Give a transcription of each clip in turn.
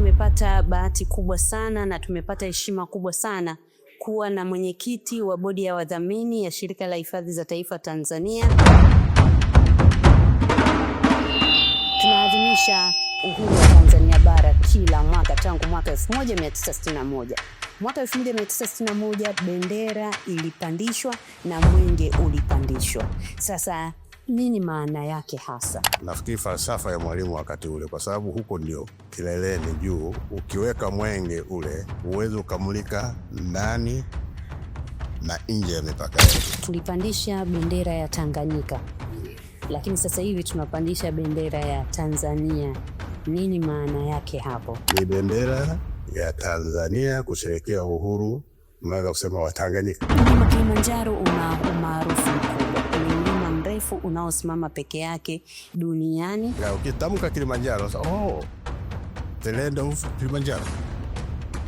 tumepata bahati kubwa sana na tumepata heshima kubwa sana kuwa na mwenyekiti wa bodi ya wadhamini ya Shirika la Hifadhi za Taifa Tanzania. Tunaadhimisha uhuru wa Tanzania bara kila mwaka tangu mwaka 1961. Mwaka 1961 bendera ilipandishwa na mwenge ulipandishwa. Sasa nini maana yake hasa? Nafikiri falsafa ya mwalimu wakati ule, kwa sababu huko ndio kileleni juu. Ukiweka mwenge ule, uwezi ukamulika ndani na nje ya mipaka yetu. Tulipandisha bendera ya Tanganyika, lakini sasa hivi tunapandisha bendera ya Tanzania. Nini maana yake hapo? Ni bendera ya Tanzania kusherekea uhuru, unaweza kusema wa Tanganyika. Mlima Kilimanjaro una umaarufu mrefu unaosimama peke yake duniani. Ukitamka Kilimanjaro, oh, telenda hufu Kilimanjaro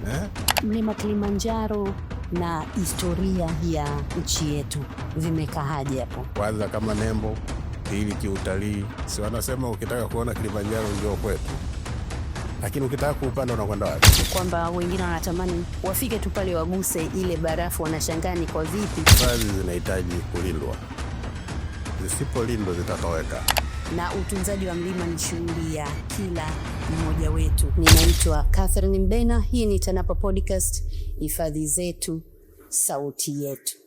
eh? Mlima Kilimanjaro na historia ya nchi yetu vimekaaje hapo? Kwanza kama nembo, pili kiutalii. Si wanasema ukitaka kuona Kilimanjaro njoo kwetu lakini ukitaka kuupanda unakwenda wapi? Kwamba wengine wanatamani wafike tu pale waguse ile barafu, wanashangani kwa vipi. Hifadhi zinahitaji kulindwa zisipolindwa zitatoweka. Na utunzaji wa mlima ni shughuli ya kila mmoja wetu. Ninaitwa Catherine Mbena, hii ni TANAPA Podcast, hifadhi zetu, sauti yetu.